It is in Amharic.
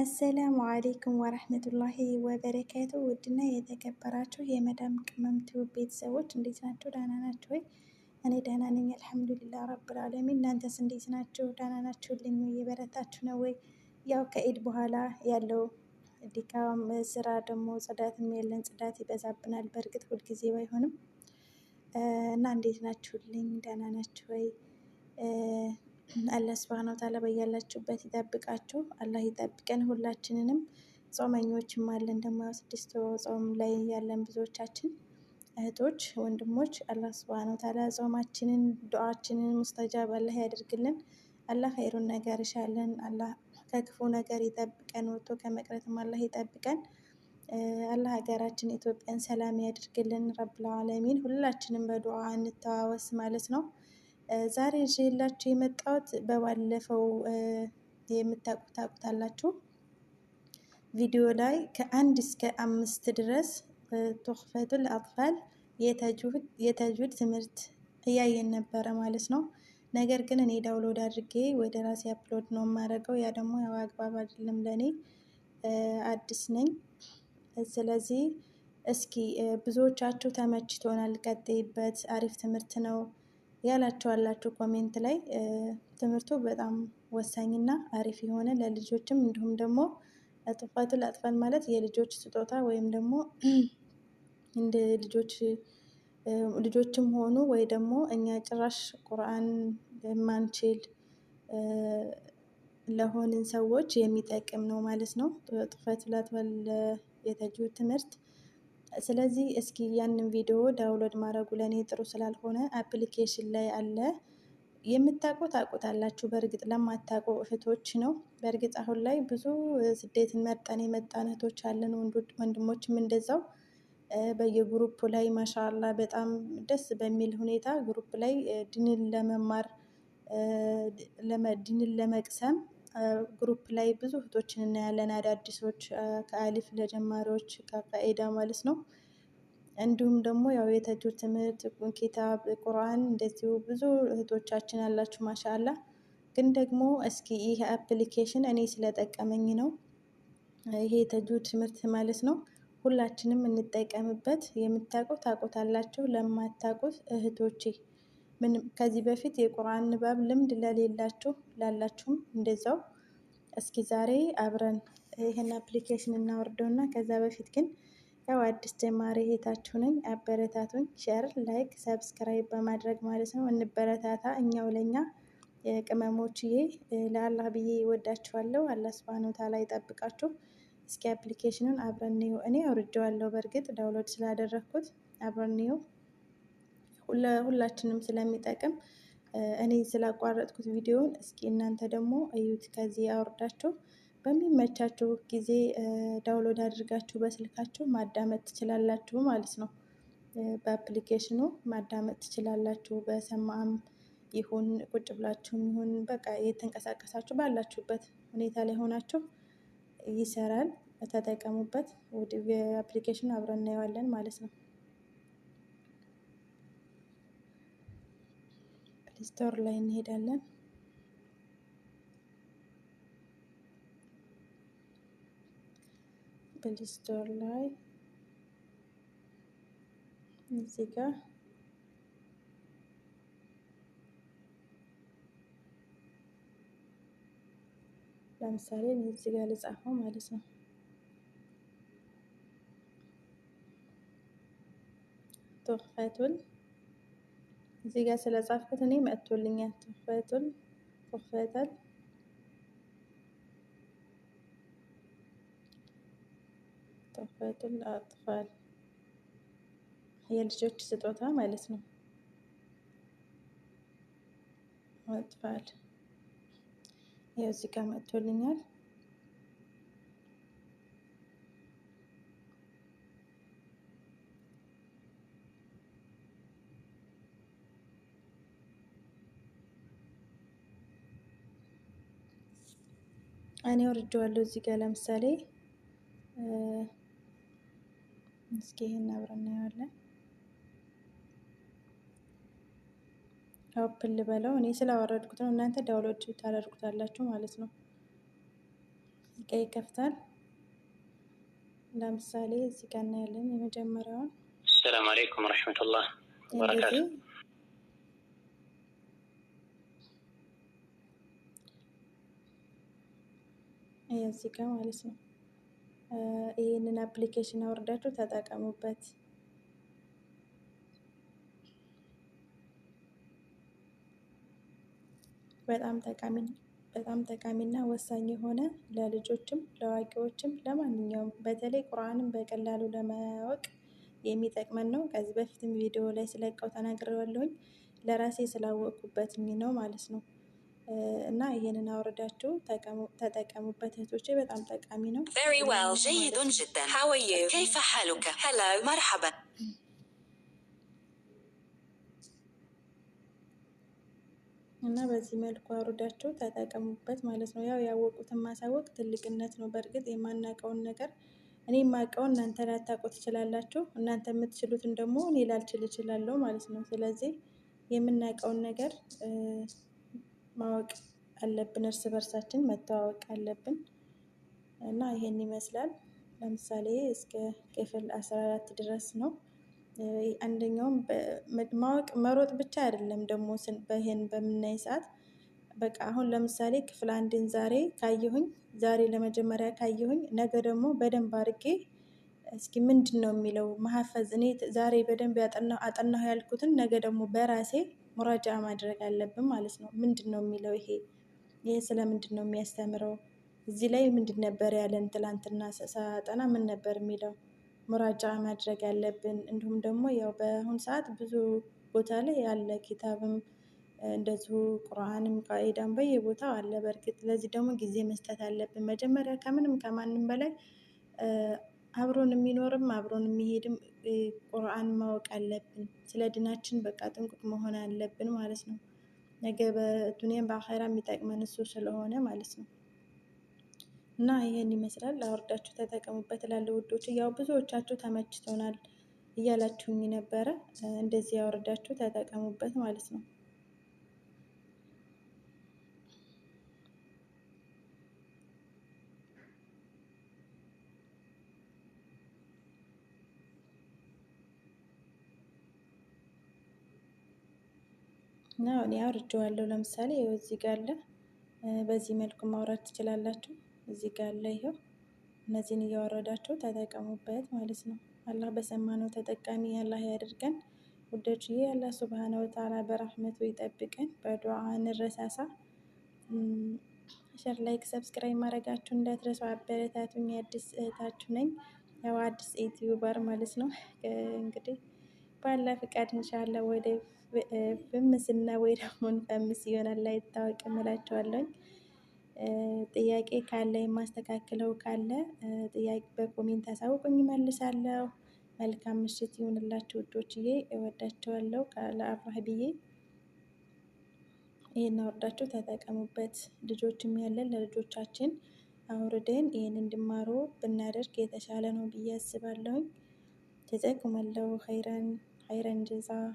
አሰላሙ አሌይኩም ወረህመቱላሂ ወበረካቱ። ውድና የተከበራችሁ የመዳም ቅመም ቤተሰቦች እንዴት ናቸው? ዳና ናቸው ወይ? እኔ ዳና ነኝ አልሐምዱሊላህ ረብል ዓለሚን። እናንተስ እንዴት ናቸው? ዳና ናችሁልኝ? እየበረታችሁ ነው ወይ? ያው ከኢድ በኋላ ያለው ድካም ስራ ደግሞ ጽዳትም የለን ጽዳት ይበዛብናል። በእርግጥ ሁልጊዜ ባይሆንም እና እንዴት ናችሁልኝ? ዳና ናችሁ ወይ? አላህ ስብሃነሁ ወተዓላ በያላችሁበት ይጠብቃችሁ። አላህ ይጠብቀን ሁላችንንም። ጾመኞችም አለን ደግሞ ስድስት ጾም ላይ ያለን ብዙዎቻችን እህቶች፣ ወንድሞች አላህ ስብሃነሁ ወተዓላ ጾማችንን፣ ዱዓችንን ሙስተጃብ አላህ ያደርግልን። አላህ ኸይሩን ነገር ይሻለን። አላህ ከክፉ ነገር ይጠብቀን። ወጥቶ ከመቅረትም አላህ ይጠብቀን። አላህ ሀገራችን ኢትዮጵያን ሰላም ያድርግልን። ረብ ለዓለሚን ሁላችንም በዱዓ እንተዋወስ ማለት ነው። ዛሬ ይዤላችሁ የመጣሁት በባለፈው የምታቁታቁታላችሁ ቪዲዮ ላይ ከአንድ እስከ አምስት ድረስ ቱህፈቱል አጥፋል የተጁድ ትምህርት እያየን ነበረ ማለት ነው። ነገር ግን እኔ ዳውንሎድ አድርጌ ወደ ራሴ አፕሎድ ነው የማደርገው። ያ ደግሞ ያው አግባብ አይደለም ለእኔ አዲስ ነኝ። ስለዚህ እስኪ ብዙዎቻችሁ ተመችቶናል፣ ቀጥይበት፣ አሪፍ ትምህርት ነው ያላቸዋላችሁ ኮሜንት ላይ ትምህርቱ በጣም ወሳኝና አሪፍ የሆነ ለልጆችም እንዲሁም ደግሞ ጥፋቱ ላጥፋን ማለት የልጆች ስጦታ ወይም ደግሞ እንደ ልጆች ልጆችም ሆኑ ወይ ደግሞ እኛ ጭራሽ ቁርአን የማንችል ለሆንን ሰዎች የሚጠቅም ነው ማለት ነው። ጥፈት ላጥፋን የተጁ ትምህርት ስለዚህ እስኪ ያንን ቪዲዮ ዳውንሎድ ማድረጉ ለእኔ ጥሩ ስላልሆነ አፕሊኬሽን ላይ አለ። የምታውቁ ታውቁታላችሁ። በእርግጥ ለማታውቁ እህቶች ነው። በእርግጥ አሁን ላይ ብዙ ስደትን መርጠን የመጣን እህቶች አለን፣ ወንድሞችም እንደዛው በየግሩፕ ላይ ማሻላ በጣም ደስ በሚል ሁኔታ ግሩፕ ላይ ድንን ለመማር ድንን ለመቅሰም ግሩፕ ላይ ብዙ እህቶችን እናያለን አዳዲሶች ከአሊፍ ለጀማሪዎች ከቃኢዳ ማለት ነው። እንዲሁም ደግሞ ያው የተጁር ትምህርት ኪታብ ቁርአን እንደዚሁ ብዙ እህቶቻችን አላችሁ ማሻአላ። ግን ደግሞ እስኪ ይህ አፕሊኬሽን እኔ ስለጠቀመኝ ነው። ይሄ የተጁር ትምህርት ማለት ነው። ሁላችንም እንጠቀምበት። የምታውቁት ታውቁታላችሁ፣ ለማታውቁት እህቶቼ ከዚህ በፊት የቁርአን ንባብ ልምድ ለሌላችሁ ላላችሁም እንደዛው እስኪ ዛሬ አብረን ይህን አፕሊኬሽን እናወርደውና ከዛ በፊት ግን ያው አዲስ ጀማሪ እህታችሁ ነኝ፣ አበረታቱኝ። ሼር፣ ላይክ፣ ሰብስክራይብ በማድረግ ማለት ነው እንበረታታ። እኛው ለእኛ ቅመሞችዬ ለአላህ ብዬ ይወዳችኋለሁ። አላህ ስብሃነ ወተዓላ ይጠብቃችሁ። እስኪ አፕሊኬሽኑን አብረን እኔ አውርጀዋለሁ፣ በእርግጥ ዳውንሎድ ስላደረግኩት አብረን እንየው። ለሁላችንም ስለሚጠቅም እኔ ስላቋረጥኩት ቪዲዮን እስኪ እናንተ ደግሞ እዩት። ከዚህ አውርዳችሁ በሚመቻችሁ ጊዜ ዳውንሎድ አድርጋችሁ በስልካችሁ ማዳመጥ ትችላላችሁ ማለት ነው። በአፕሊኬሽኑ ማዳመጥ ትችላላችሁ። በሰማም ይሁን ቁጭ ብላችሁም ይሁን በቃ የተንቀሳቀሳችሁ ባላችሁበት ሁኔታ ላይ ሆናችሁ ይሰራል። ተጠቀሙበት። ወደ አፕሊኬሽኑ አብረን እናየዋለን ማለት ነው። ስቶር ላይ እንሄዳለን። ፕሌይ ስቶር ላይ እዚህ ጋር ለምሳሌ እዚህ ጋር ልጻፈው ማለት ነው። ቱህፈቱል እዚህ ጋር ስለጻፍኩት እኔ መጥቶልኛል። ትፈቱን ትፈታል ትፈቱን አጥፋል የልጆች ስጦታ ማለት ነው። አጥፋል ያው እዚህ ጋር መጥቶልኛል። እኔ ወርጄዋለሁ። እዚህ ጋር ለምሳሌ እስኪ ይህን አብረን እናየዋለን። ኦፕን ልበለው። እኔ ስላወረድኩት ነው። እናንተ ዳውንሎድ ታደርጉታላችሁ ማለት ነው። ቀይ ይከፍታል። ለምሳሌ እዚህ ጋር እናያለን የመጀመሪያውን። ሰላም አለይኩም ረህመቱላህ እዚህ ጋር ማለት ነው። ይህንን አፕሊኬሽን አውርዳችሁ ተጠቀሙበት። በጣም ጠቃሚ በጣም ጠቃሚና ወሳኝ የሆነ ለልጆችም ለአዋቂዎችም ለማንኛውም በተለይ ቁርአንን በቀላሉ ለማወቅ የሚጠቅመን ነው። ከዚህ በፊትም ቪዲዮ ላይ ስለቀው ተናግሬዋለሁኝ። ለራሴ ስላወቅኩበት ነው ማለት ነው። እና ይህንን አውርዳችሁ ተጠቀሙበት እህቶቼ፣ በጣም ጠቃሚ ነው። እና በዚህ መልኩ አውርዳችሁ ተጠቀሙበት ማለት ነው። ያው ያወቁትን ማሳወቅ ትልቅነት ነው። በእርግጥ የማናውቀውን ነገር እኔ የማውቀውን እናንተ ላታውቁ ትችላላችሁ። እናንተ የምትችሉትን ደግሞ እኔ ላልችል እችላለሁ ማለት ነው። ስለዚህ የምናውቀውን ነገር ማወቅ አለብን፣ እርስ በርሳችን መተዋወቅ አለብን እና ይሄን ይመስላል። ለምሳሌ እስከ ክፍል 14 ድረስ ነው። አንደኛውም ማወቅ መሮጥ ብቻ አይደለም ደግሞ በይሄን በምናይ ሰዓት በቃ አሁን ለምሳሌ ክፍል አንድን ዛሬ ካየሁኝ ዛሬ ለመጀመሪያ ካየሁኝ ነገ ደግሞ በደንብ አድርጌ እስኪ ምንድን ነው የሚለው መሀፈዝ እኔ ዛሬ በደንብ አጠናሁ ያልኩትን ነገ ደግሞ በራሴ ሙራጃ ማድረግ አለብን ማለት ነው። ምንድን ነው የሚለው ይሄ ይሄ ስለ ምንድን ነው የሚያስተምረው? እዚህ ላይ ምንድን ነበር ያለን? ትላንትና ሳጠና ምን ነበር የሚለው? ሙራጃ ማድረግ አለብን። እንዲሁም ደግሞ ያው በአሁኑ ሰዓት ብዙ ቦታ ላይ ያለ ኪታብም እንደዚሁ ቁርአንም ቃኢዳም በየቦታው አለ። በእርግጥ ለዚህ ደግሞ ጊዜ መስጠት አለብን። መጀመሪያ ከምንም ከማንም በላይ አብሮን የሚኖርም አብሮን የሚሄድም ቁርአን ማወቅ አለብን። ስለ ድናችን በቃ ጥንቁቅ መሆን አለብን ማለት ነው። ነገ በዱኒያም በአኸራ የሚጠቅመን እሱ ስለሆነ ማለት ነው። እና ይህን ይመስላል። አውርዳችሁ ተጠቀሙበት ላለ ውዶች፣ ያው ብዙዎቻችሁ ተመችቶናል እያላችሁኝ ነበረ። እንደዚህ ያወርዳችሁ ተጠቀሙበት ማለት ነው። እና እኔ አውርጄዋለሁ። ለምሳሌ ይኸው እዚህ ጋር አለ። በዚህ መልኩ ማውራት ትችላላችሁ። እዚህ ጋር አለ። ይኸው እነዚህን እያወረዳችሁ ተጠቀሙበት ማለት ነው። አላህ በሰማነው ተጠቃሚ አላህ ውደች ውዶችዬ አላህ ሱብሃነ ወተዓላ በረህመቱ ይጠብቀን። በዱዓ እንረሳሳ። ሸር፣ ላይክ፣ ሰብስክራይብ ማድረጋችሁ እንዳትረሱ። አበረታቱኝ። አዲስ እህታችሁ ነኝ። ያው አዲስ ዩቲዩበር ማለት ነው እንግዲህ ባላ ፍቃድ እንሻለ ወደ ብምስና ወይ ደግሞ ፈምስ ይሆናል ላይ ይታወቅ እምላቸዋለኝ። ጥያቄ ካለ የማስተካክለው ካለ ጥያቄ በኮሜንት አሳውቁኝ፣ መልሳለሁ። መልካም ምሽት ይሁንላችሁ ውዶችዬ፣ እወዳቸዋለሁ። ለአላህ ብዬ ይህን አውርዳችሁ ተጠቀሙበት። ልጆችም ያለን ለልጆቻችን አውርደን ይህን እንዲማሩ ብናደርግ የተሻለ ነው ብዬ አስባለሁኝ። ተጠቅመለው ኸይረን I renjeza